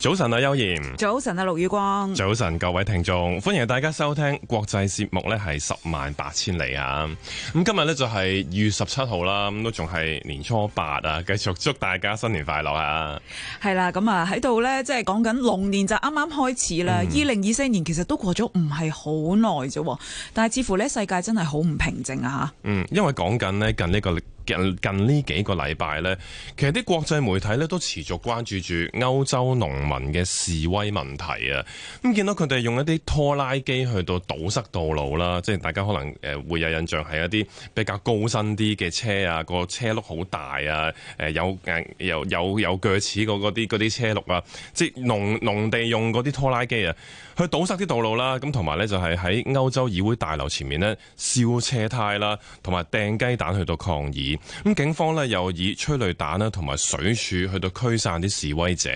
早晨啊，優賢！早晨啊，陸宇光！早晨，各位聽眾，歡迎大家收聽國際節目呢係十萬八千里啊！咁今日呢，就係二月十七號啦，咁都仲係年初八啊，繼續祝大家新年快樂啊！係啦，咁啊喺度呢，即係講緊龍年就啱啱開始啦，二零二四年其實都過咗唔係好耐啫，但係似乎呢，世界真係好唔平靜啊！吓，嗯，因為講緊呢，近呢個。近近呢幾個禮拜呢，其實啲國際媒體呢都持續關注住歐洲農民嘅示威問題啊！咁見到佢哋用一啲拖拉機去到堵塞道路啦，即係大家可能誒會有印象係一啲比較高身啲嘅車啊，個車轆好大啊，有有有有鋸齒嗰啲嗰啲車轆啊，即係農，農地用嗰啲拖拉機啊，去堵塞啲道路啦。咁同埋呢，就係喺歐洲議會大樓前面呢，燒車胎啦，同埋掟雞蛋去到抗議。咁警方呢又以催淚彈咧同埋水柱去到驅散啲示威者。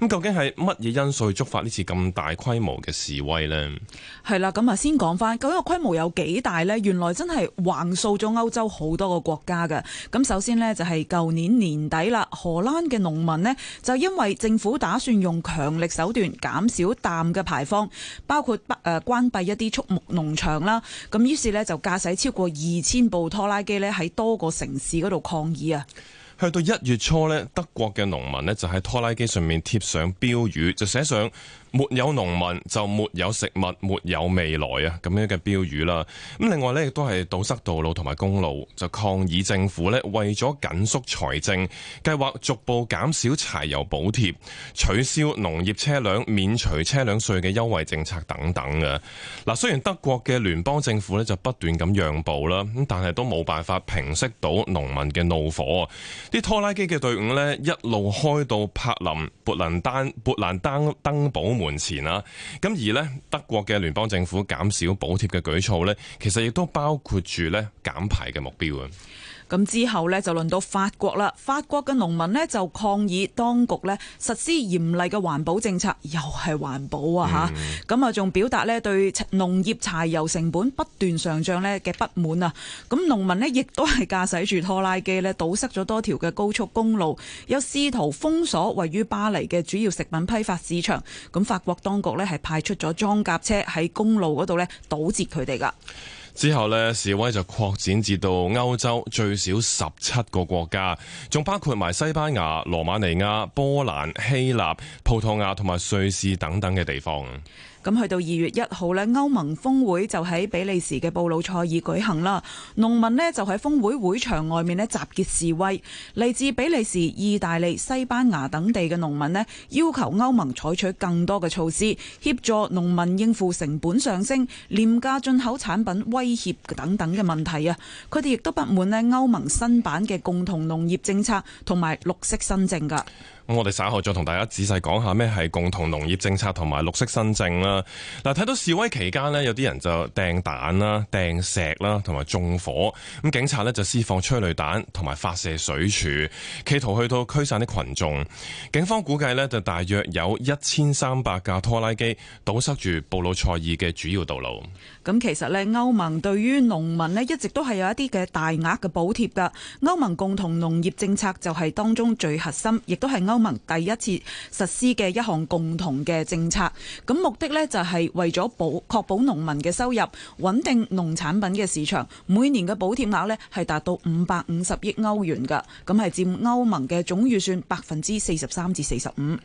咁究竟係乜嘢因素觸發呢次咁大規模嘅示威呢？係啦，咁啊先講翻，咁個規模有幾大呢？原來真係橫掃咗歐洲好多個國家嘅。咁首先呢，就係舊年年底啦，荷蘭嘅農民呢，就因為政府打算用強力手段減少氮嘅排放，包括不誒關閉一啲畜牧農場啦。咁於是呢，就駕駛超過二千部拖拉機呢，喺多個城。城市嗰度抗議啊！去到一月初呢，德國嘅農民呢就喺拖拉機上面貼上標語，就寫上，沒有農民就沒有食物，沒有未來啊！咁樣嘅標語啦。咁另外咧，亦都係堵塞道路同埋公路，就抗議政府咧，為咗緊縮財政，計劃逐步減少柴油補貼、取消農業車輛免除車輛稅嘅優惠政策等等嘅。嗱，雖然德國嘅聯邦政府咧就不斷咁讓步啦，咁但係都冇辦法平息到農民嘅怒火啊。啲拖拉機嘅隊伍咧一路開到柏林、勃蘭丹、勃蘭登登堡門。門前啦，咁而呢，德國嘅聯邦政府減少補貼嘅舉措呢，其實亦都包括住呢減排嘅目標啊。咁之後呢，就輪到法國啦，法國嘅農民呢，就抗議當局呢實施嚴厲嘅環保政策，又係環保啊嚇！咁啊仲表達呢對農業柴油成本不斷上漲呢嘅不滿啊！咁農民呢，亦都係駕駛住拖拉機呢，堵塞咗多條嘅高速公路，又試圖封鎖位於巴黎嘅主要食品批發市場。咁法國當局呢，係派出咗裝甲車喺公路嗰度呢，堵截佢哋㗎。之後呢，示威就擴展至到歐洲最少十七個國家，仲包括埋西班牙、羅馬尼亞、波蘭、希臘、葡萄牙同埋瑞士等等嘅地方。咁去到二月一號呢，歐盟峰會就喺比利時嘅布魯塞爾舉行啦。農民呢，就喺峰會會場外面呢，集結示威，嚟自比利時、意大利、西班牙等地嘅農民呢，要求歐盟採取更多嘅措施，協助農民應付成本上升、廉價進口產品威脅等等嘅問題啊！佢哋亦都不滿呢，歐盟新版嘅共同農業政策同埋綠色新政㗎。咁我哋稍後再同大家仔細講下咩係共同農業政策同埋綠色新政啦。嗱，睇到示威期間呢，有啲人就掟蛋啦、掟石啦，同埋縱火。咁警察呢就施放催淚彈同埋發射水柱，企圖去到驅散啲群眾。警方估計呢，就大約有一千三百架拖拉機堵塞住布魯塞爾嘅主要道路。咁其實呢，歐盟對於農民呢一直都係有一啲嘅大額嘅補貼㗎。歐盟共同農業政策就係當中最核心，亦都係歐歐盟第一次實施嘅一項共同嘅政策，咁目的呢就係為咗保確保農民嘅收入，穩定農產品嘅市場。每年嘅補貼額呢係達到五百五十億歐元㗎，咁係佔歐盟嘅總預算百分之四十三至四十五。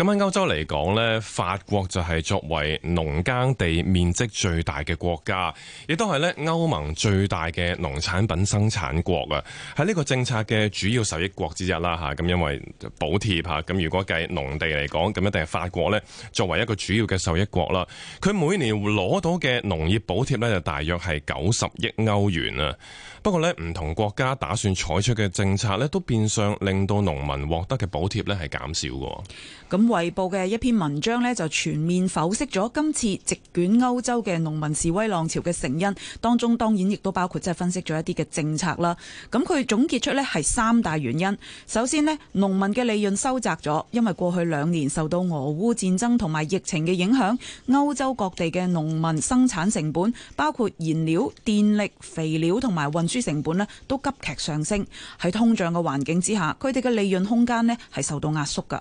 咁喺歐洲嚟講呢，法國就係作為農耕地面積最大嘅國家，亦都係咧歐盟最大嘅農產品生產國啊！喺呢個政策嘅主要受益國之一啦吓，咁因為補貼吓，咁如果計農地嚟講，咁一定係法國呢作為一個主要嘅受益國啦。佢每年攞到嘅農業補貼呢，就大約係九十億歐元啊！不過呢，唔同國家打算採取嘅政策呢，都變相令到農民獲得嘅補貼呢係減少嘅。咁《衛報》嘅一篇文章呢，就全面剖析咗今次席捲歐洲嘅農民示威浪潮嘅成因，當中當然亦都包括即係分析咗一啲嘅政策啦。咁佢總結出呢，係三大原因。首先呢，農民嘅利潤收窄咗，因為過去兩年受到俄烏戰爭同埋疫情嘅影響，歐洲各地嘅農民生產成本，包括燃料、電力、肥料同埋運輸成本呢，都急劇上升。喺通脹嘅環境之下，佢哋嘅利潤空間呢，係受到壓縮噶。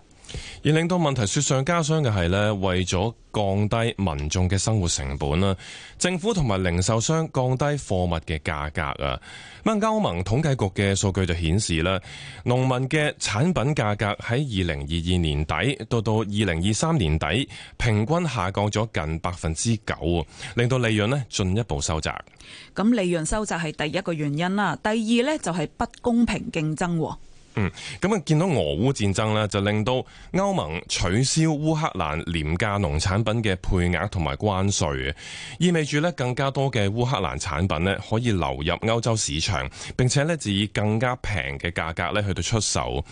而令到問題雪上加霜嘅係呢，為咗降低民眾嘅生活成本啦，政府同埋零售商降低貨物嘅價格啊。咁歐盟統計局嘅數據就顯示啦，農民嘅產品價格喺二零二二年底到到二零二三年底，平均下降咗近百分之九，令到利潤咧進一步收窄。咁利潤收窄係第一個原因啦，第二呢，就係不公平競爭。嗯，咁啊見到俄烏戰爭咧，就令到歐盟取消烏克蘭廉價農產品嘅配額同埋關稅，意味住咧更加多嘅烏克蘭產品咧可以流入歐洲市場，並且咧就以更加平嘅價格咧去到出售。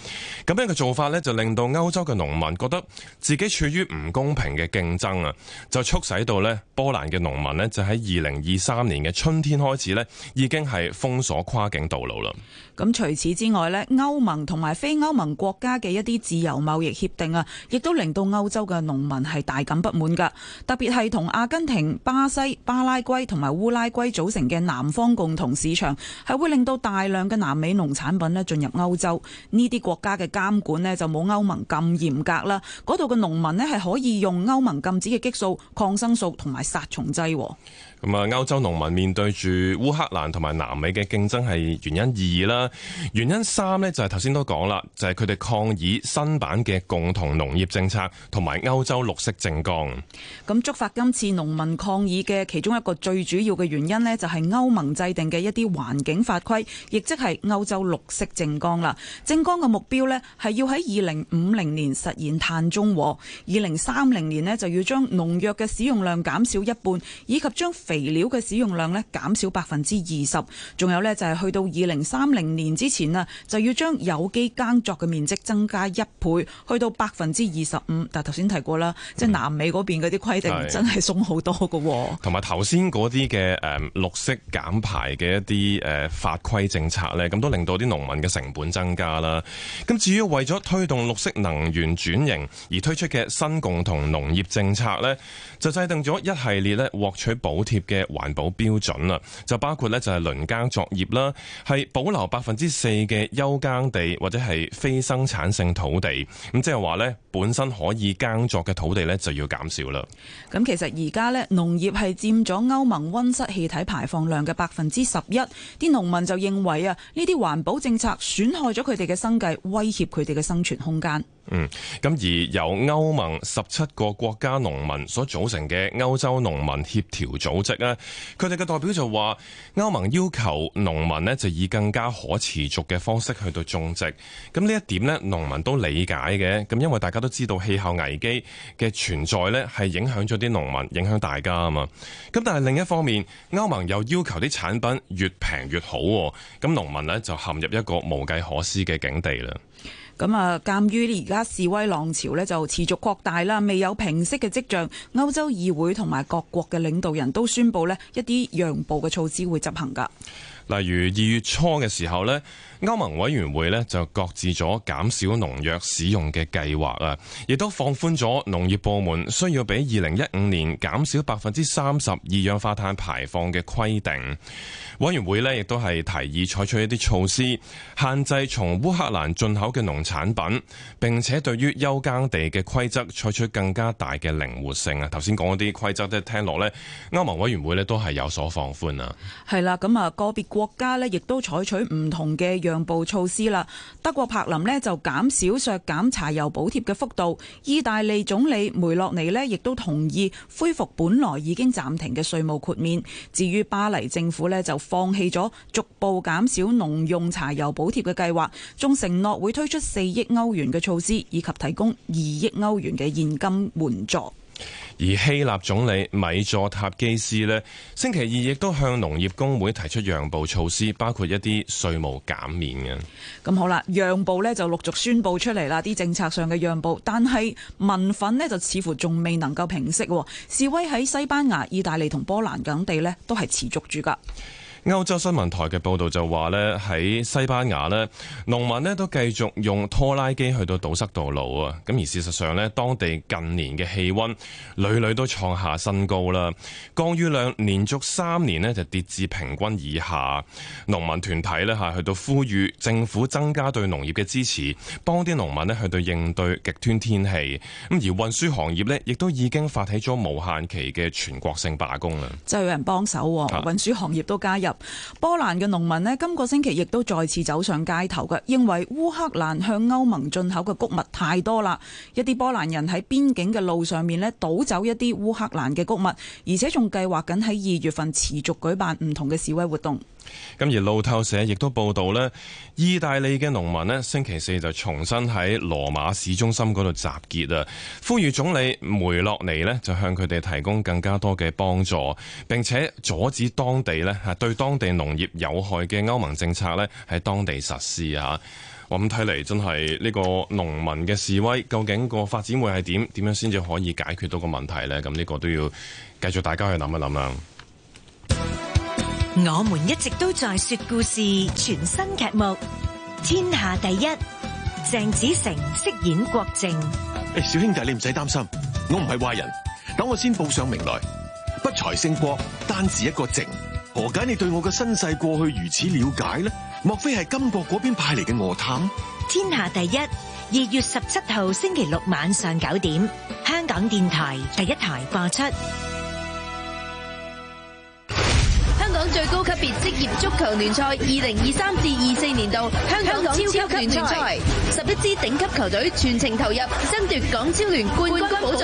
咁樣嘅做法咧就令到歐洲嘅農民覺得自己處於唔公平嘅競爭啊，就促使到咧波蘭嘅農民咧就喺二零二三年嘅春天開始咧已經係封鎖跨境道路啦。咁除此之外咧，歐盟。同埋非歐盟國家嘅一啲自由貿易協定啊，亦都令到歐洲嘅農民係大感不滿㗎。特別係同阿根廷、巴西、巴拉圭同埋烏拉圭組成嘅南方共同市場，係會令到大量嘅南美農產品呢進入歐洲。呢啲國家嘅監管呢，就冇歐盟咁嚴格啦。嗰度嘅農民呢，係可以用歐盟禁止嘅激素、抗生素同埋殺蟲劑。咁啊，歐洲農民面對住烏克蘭同埋南美嘅競爭係原因二啦，原因三咧就係頭先都講啦，就係佢哋抗議新版嘅共同農業政策同埋歐洲綠色政綱，咁觸發今次農民抗議嘅其中一個最主要嘅原因咧，就係歐盟制定嘅一啲環境法規，亦即係歐洲綠色政綱啦。政綱嘅目標咧係要喺二零五零年實現碳中和，二零三零年咧就要將農藥嘅使用量減少一半，以及將肥料嘅使用量咧減少百分之二十，仲有咧就係去到二零三零年之前啊，就要將有機耕作嘅面積增加一倍，去到百分之二十五。但係頭先提過啦，即係南美嗰邊嗰啲規定真係鬆好多嘅。同埋頭先嗰啲嘅誒綠色減排嘅一啲誒法規政策咧，咁都令到啲農民嘅成本增加啦。咁至於為咗推動綠色能源轉型而推出嘅新共同農業政策咧，就制定咗一系列咧獲取補貼。嘅環保標準啦，就包括咧就係輪耕作業啦，係保留百分之四嘅休耕地或者係非生產性土地，咁即係話咧本身可以耕作嘅土地咧就要減少啦。咁其實而家咧農業係佔咗歐盟溫室氣體排放量嘅百分之十一，啲農民就認為啊呢啲環保政策損害咗佢哋嘅生計，威脅佢哋嘅生存空間。嗯，咁而由歐盟十七個國家農民所組成嘅歐洲農民協調組織呢，佢哋嘅代表就話，歐盟要求農民呢就以更加可持續嘅方式去到種植。咁呢一點呢農民都理解嘅。咁因為大家都知道氣候危機嘅存在呢係影響咗啲農民，影響大家啊嘛。咁但係另一方面，歐盟又要求啲產品越平越好，咁農民呢就陷入一個無計可施嘅境地啦。咁啊，鑒於而家示威浪潮咧，就持續擴大啦，未有平息嘅跡象，歐洲議會同埋各國嘅領導人都宣布呢一啲讓步嘅措施會執行噶。例如二月初嘅時候咧，歐盟委員會咧就擱置咗減少農藥使用嘅計劃啊，亦都放寬咗農業部門需要比二零一五年減少百分之三十二氧化碳排放嘅規定。委員會咧亦都係提議採取一啲措施，限制從烏克蘭進口嘅農產品，並且對於休耕地嘅規則採取更加大嘅靈活性啊。頭先講嗰啲規則即係聽落咧，歐盟委員會咧都係有所放寬啊。係啦，咁、那、啊個別。國家呢亦都採取唔同嘅讓步措施啦。德國柏林呢就減少削減柴油補貼嘅幅度，意大利總理梅洛尼呢亦都同意恢復本來已經暫停嘅稅務豁免。至於巴黎政府呢，就放棄咗逐步減少農用柴油補貼嘅計劃，仲承諾會推出四億歐元嘅措施，以及提供二億歐元嘅現金援助。而希臘總理米佐塔基斯呢星期二亦都向農業工會提出讓步措施，包括一啲稅務減免嘅。咁、嗯、好啦，讓步呢就陸續宣佈出嚟啦，啲政策上嘅讓步，但係民憤呢就似乎仲未能夠平息，示威喺西班牙、意大利同波蘭等地呢都係持續住噶。歐洲新聞台嘅報道就話咧，喺西班牙咧，農民都繼續用拖拉機去到堵塞道路啊！咁而事實上咧，當地近年嘅氣溫屢屢都創下新高啦，降雨量連續三年就跌至平均以下。農民團體吓去到呼籲政府增加對農業嘅支持，幫啲農民去到應對極端天氣。咁而運輸行業呢亦都已經發起咗無限期嘅全國性罷工啦！即係有人幫手，運輸行業都加入。波蘭嘅農民咧，今個星期亦都再次走上街頭嘅，認為烏克蘭向歐盟進口嘅穀物太多啦，一啲波蘭人喺邊境嘅路上面咧，倒走一啲烏克蘭嘅穀物，而且仲計劃緊喺二月份持續舉辦唔同嘅示威活動。咁而路透社亦都報道咧，意大利嘅農民咧，星期四就重新喺羅馬市中心嗰度集結啊，呼籲總理梅洛尼咧，就向佢哋提供更加多嘅幫助，並且阻止當地咧吓對當地農業有害嘅歐盟政策咧，喺當地實施啊！我咁睇嚟，真係呢、這個農民嘅示威，究竟個發展會係點？點樣先至可以解決到個問題咧？咁呢個都要繼續大家去諗一諗啦、啊。我們一直都在說故事，全新劇目天下第一，鄭子誠飾演郭靖。誒、欸，小兄弟你唔使擔心，我唔係壞人。等我先報上名來，不才姓郭，單字一個靖。何解你對我嘅身世過去如此了解呢？莫非係金國嗰邊派嚟嘅卧探？天下第一，二月十七號星期六晚上九點，香港電台第一台播出。香港最高級別職業足球聯賽二零二三至二四年度香港超級聯賽，十一支頂級球隊全程投入爭奪港超聯冠軍寶座。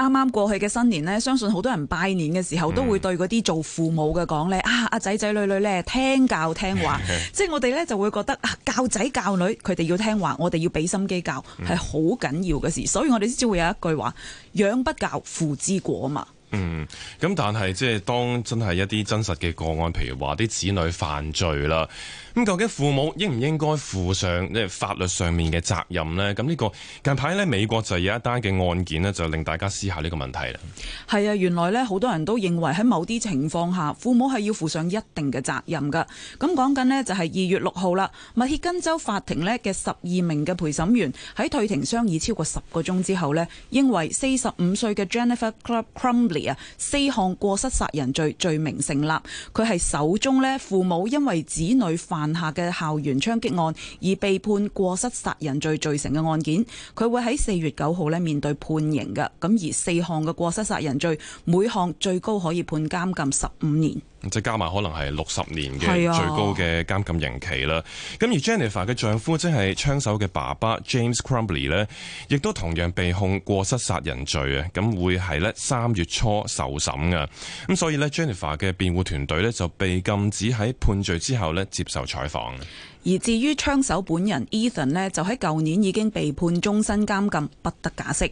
啱啱過去嘅新年呢，相信好多人拜年嘅時候都會對嗰啲做父母嘅講呢，啊阿仔仔女女呢聽教聽話， 即係我哋呢就會覺得啊教仔教女佢哋要聽話，我哋要俾心機教係好緊要嘅事，所以我哋先至會有一句話：養不教，父之過嘛。嗯，咁但係即係當真係一啲真實嘅個案，譬如話啲子女犯罪啦，咁究竟父母應唔應該負上法律上面嘅責任呢？咁呢個近排呢，美國就有一單嘅案件呢，就令大家思考呢個問題啦。係啊，原來呢，好多人都認為喺某啲情況下，父母係要負上一定嘅責任噶。咁講緊呢，就係二月六號啦，密歇根州法庭呢嘅十二名嘅陪審員喺退庭商議超過十個鐘之後呢，認為四十五歲嘅 Jennifer Crumbley 四項過失殺人罪罪名成立，佢係首宗父母因為子女犯下嘅校園槍擊案而被判過失殺人罪罪成嘅案件，佢會喺四月九號面對判刑嘅。咁而四項嘅過失殺人罪，每項最高可以判監禁十五年。即加埋可能係六十年嘅最高嘅監禁刑期啦。咁、啊、而 Jennifer 嘅丈夫即係槍手嘅爸爸 James Crumbley 呢，亦都同樣被控過失殺人罪啊。咁會係咧三月初受審噶。咁所以呢 Jennifer 嘅辯護團隊呢，就被禁止喺判罪之後呢接受採訪。而至於槍手本人 Ethan 呢，就喺舊年已經被判終身監禁，不得假釋。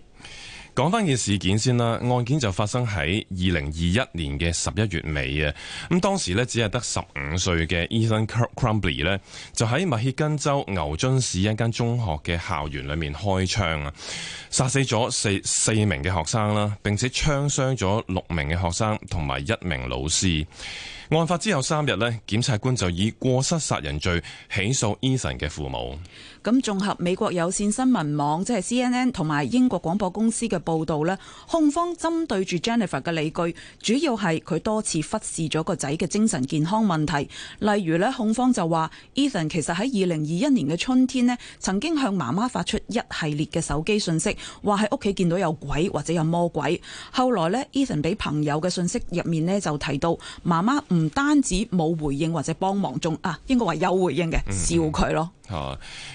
講翻件事件先啦，案件就發生喺二零二一年嘅十一月尾啊，咁當時呢，只係得十五歲嘅 Ethan Crumbley 咧，就喺密歇根州牛津市一間中學嘅校園裏面開槍啊，殺死咗四四名嘅學生啦，並且槍傷咗六名嘅學生同埋一名老師。案發之後三日呢，檢察官就以過失殺人罪起訴 Ethan 嘅父母。咁綜合美國有線新聞網即係 CNN 同埋英國廣播公司嘅報導呢，控方針對住 Jennifer 嘅理據，主要係佢多次忽視咗個仔嘅精神健康問題。例如呢，控方就話，Ethan 其實喺二零二一年嘅春天呢，曾經向媽媽發出一系列嘅手機訊息，話喺屋企見到有鬼或者有魔鬼。後來呢，Ethan 俾朋友嘅訊息入面呢，就提到媽媽唔單止冇回應或者幫忙仲啊，應該話有回應嘅，笑佢咯。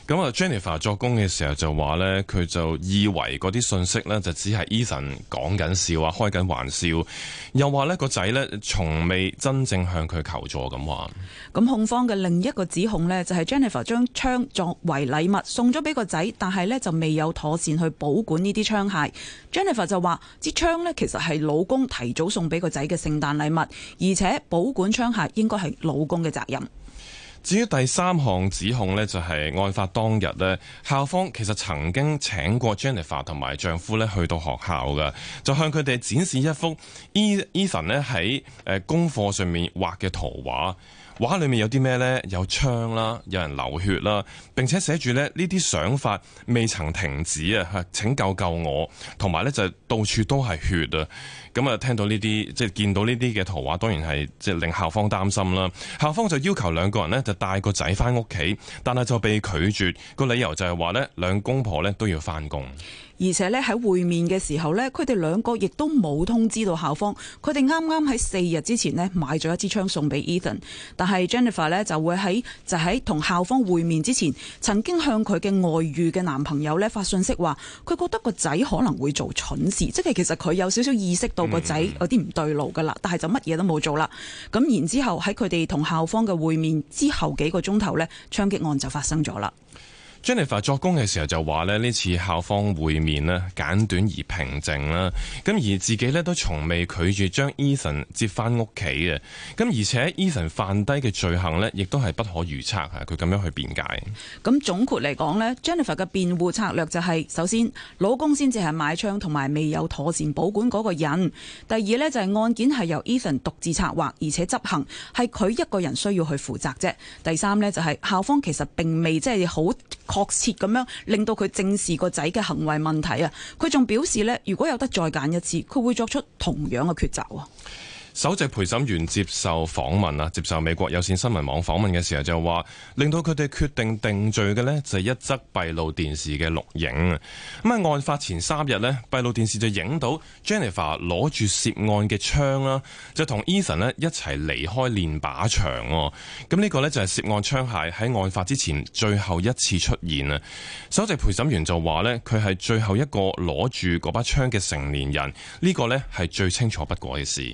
咁啊 ，Jennifer 作供嘅時候就話咧，佢就以為嗰啲信息呢就只係 Ethan 講緊笑話，開緊玩笑，又話呢個仔呢從未真正向佢求助咁話。咁控方嘅另一個指控呢，就係 Jennifer 將槍作為禮物送咗俾個仔，但係呢就未有妥善去保管呢啲槍械。Jennifer 就話支槍呢其實係老公提早送俾個仔嘅聖誕禮物，而且保管槍械應該係老公嘅責任。至於第三項指控呢就係、是、案發當日呢，校方其實曾經請過 Jennifer 同埋丈夫呢去到學校㗎，就向佢哋展示一幅 Ethan、誒、喺功課上面畫嘅圖畫。畫裏面有啲咩呢？有槍啦，有人流血啦，並且寫住呢呢啲想法未曾停止啊！請救救我，同埋呢就到處都係血啊！咁啊，聽到呢啲即係見到呢啲嘅圖畫，當然係即係令校方擔心啦。校方就要求兩個人呢就帶個仔翻屋企，但係就被拒絕，個理由就係話呢兩公婆呢都要翻工。而且咧喺會面嘅時候咧，佢哋兩個亦都冇通知到校方。佢哋啱啱喺四日之前咧買咗一支槍送俾 Ethan，但係 Jennifer 咧就會喺就喺同校方會面之前，曾經向佢嘅外遇嘅男朋友咧發信息話，佢覺得個仔可能會做蠢事，即係其實佢有少少意識到個仔有啲唔對路噶啦，嗯、但係就乜嘢都冇做啦。咁然之後喺佢哋同校方嘅會面之後幾個鐘頭呢，槍擊案就發生咗啦。Jennifer 作供嘅時候就話咧，呢次校方會面呢，簡短而平靜啦，咁而自己咧都從未拒絕將 Ethan 接翻屋企嘅，咁而且 Ethan 犯低嘅罪行呢，亦都係不可預測吓，佢咁樣去辯解。咁總括嚟講呢，Jennifer 嘅辯護策略就係首先老公先至係買槍同埋未有妥善保管嗰個人，第二呢就係案件係由 Ethan 獨自策劃而且執行，係佢一個人需要去負責啫。第三呢就係校方其實並未即係好。確切咁樣令到佢正視個仔嘅行為問題啊。佢仲表示呢，如果有得再揀一次，佢會作出同樣嘅抉擇啊。首席陪審員接受訪問啊，接受美國有線新聞網訪問嘅時候就話，令到佢哋決定定罪嘅呢就係一則閉路電視嘅錄影啊。咁喺案發前三日呢，閉路電視就影到 Jennifer 攞住涉案嘅槍啦，就同 Ethan 一齊離開練靶場。咁呢個呢，就係涉案槍械喺案發之前最後一次出現啊。首席陪審員就話呢，佢係最後一個攞住嗰把槍嘅成年人，呢、這個呢，係最清楚不過嘅事。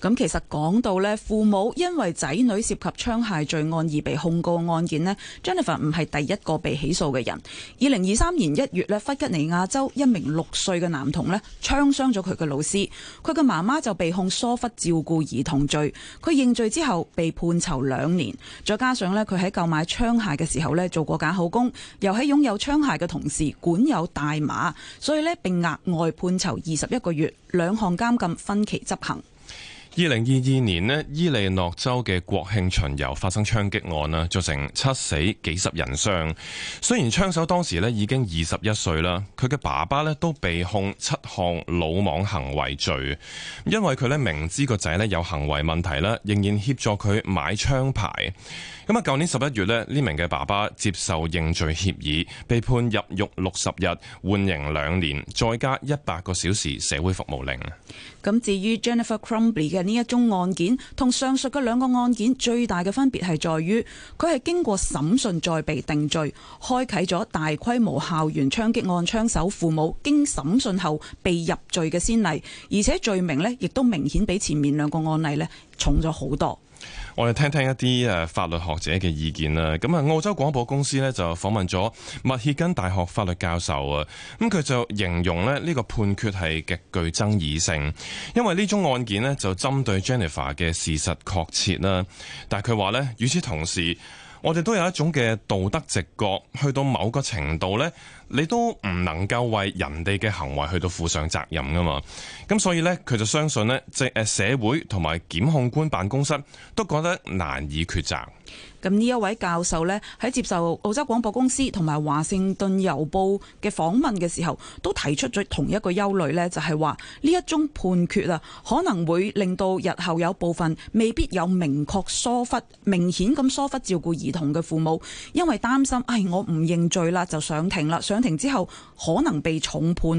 咁其實講到呢，父母因為仔女涉及槍械罪案而被控告案件呢，Jennifer 唔係第一個被起訴嘅人。二零二三年一月呢，弗吉尼亞州一名六歲嘅男童呢，槍傷咗佢嘅老師，佢嘅媽媽就被控疏忽照顧兒童罪。佢認罪之後被判囚兩年，再加上呢，佢喺購買槍械嘅時候呢，做過假口供，又喺擁有槍械嘅同時管有大麻，所以呢，並額外判囚二十一個月，兩項監禁分期執行。二零二二年呢，伊利諾州嘅國慶巡遊發生槍擊案啦，造成七死幾十人傷。雖然槍手當時咧已經二十一歲啦，佢嘅爸爸咧都被控七項魯莽行為罪，因為佢咧明知個仔咧有行為問題啦，仍然協助佢買槍牌。咁啊，舊年十一月呢，呢名嘅爸爸接受認罪協議，被判入獄六十日，緩刑兩年，再加一百個小時社會服務令。咁至於 Jennifer Crumbly 呢一宗案件同上述嘅兩個案件最大嘅分別係在於，佢係經過審訊再被定罪，開啟咗大規模校園槍擊案槍手父母經審訊後被入罪嘅先例，而且罪名呢亦都明顯比前面兩個案例呢重咗好多。我哋聽聽一啲誒法律學者嘅意見啦。咁啊，澳洲廣播公司呢，就訪問咗密歇根大學法律教授啊。咁佢就形容呢呢個判決係極具爭議性，因為呢宗案件呢，就針對 Jennifer 嘅事實確切啦。但佢話呢，與此同時，我哋都有一種嘅道德直覺，去到某個程度呢。你都唔能夠為人哋嘅行為去到負上責任噶嘛？咁所以呢，佢就相信呢，即係社會同埋檢控官辦公室都覺得難以抉擇。咁呢一位教授呢，喺接受澳洲廣播公司同埋華盛頓郵報嘅訪問嘅時候，都提出咗同一個憂慮呢，就係話呢一宗判決啊，可能會令到日後有部分未必有明確疏忽、明顯咁疏忽照顧兒童嘅父母，因為擔心，唉，我唔認罪啦，就上庭啦，上庭之後可能被重判，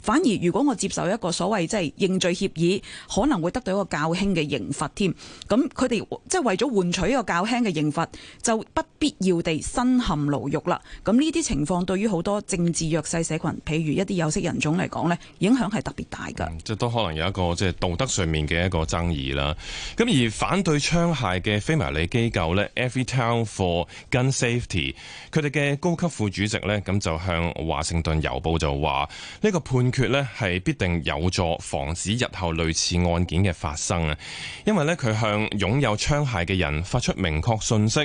反而如果我接受一個所謂即係認罪協議，可能會得到一個較輕嘅刑罰添。咁佢哋即係為咗換取一個較輕嘅刑罰，就不必要地身陷牢獄啦。咁呢啲情況對於好多政治弱勢社群，譬如一啲有色人種嚟講呢，影響係特別大㗎、嗯。即都可能有一個即係、就是、道德上面嘅一個爭議啦。咁而反對槍械嘅非牟利機構呢 Everytown for Gun Safety，佢哋嘅高級副主席呢，咁就向華盛頓郵報就話呢個判決咧係必定有助防止日後類似案件嘅發生啊，因為咧佢向擁有槍械嘅人發出明確信息，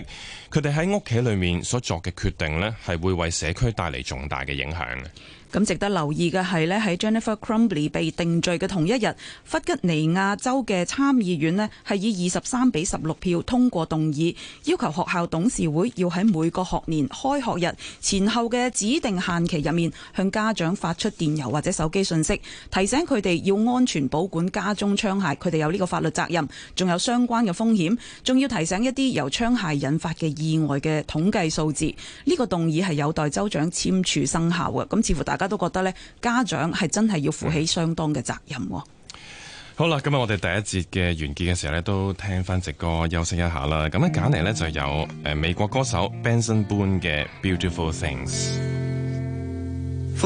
佢哋喺屋企裏面所作嘅決定咧係會為社區帶嚟重大嘅影響嘅。咁值得留意嘅係咧，喺 Jennifer Crumbly 被定罪嘅同一日，弗吉尼亞州嘅參議院咧係以二十三比十六票通過動議，要求學校董事會要喺每個學年開學日前後嘅指定限期入面，向家長發出電郵或者手機信息，提醒佢哋要安全保管家中槍械，佢哋有呢個法律責任，仲有相關嘅風險，仲要提醒一啲由槍械引發嘅意外嘅統計數字。呢個動議係有待州長簽署生效嘅。咁似乎大。大家都覺得咧，家長係真係要負起相當嘅責任，哦。嗯，好啦，今日我哋第一節嘅完結嘅時候咧，都聽返隻歌，休息一下啦。咁咧，揀嚟咧就有誒，美國歌手 Benson Boone 嘅《Beautiful Things》。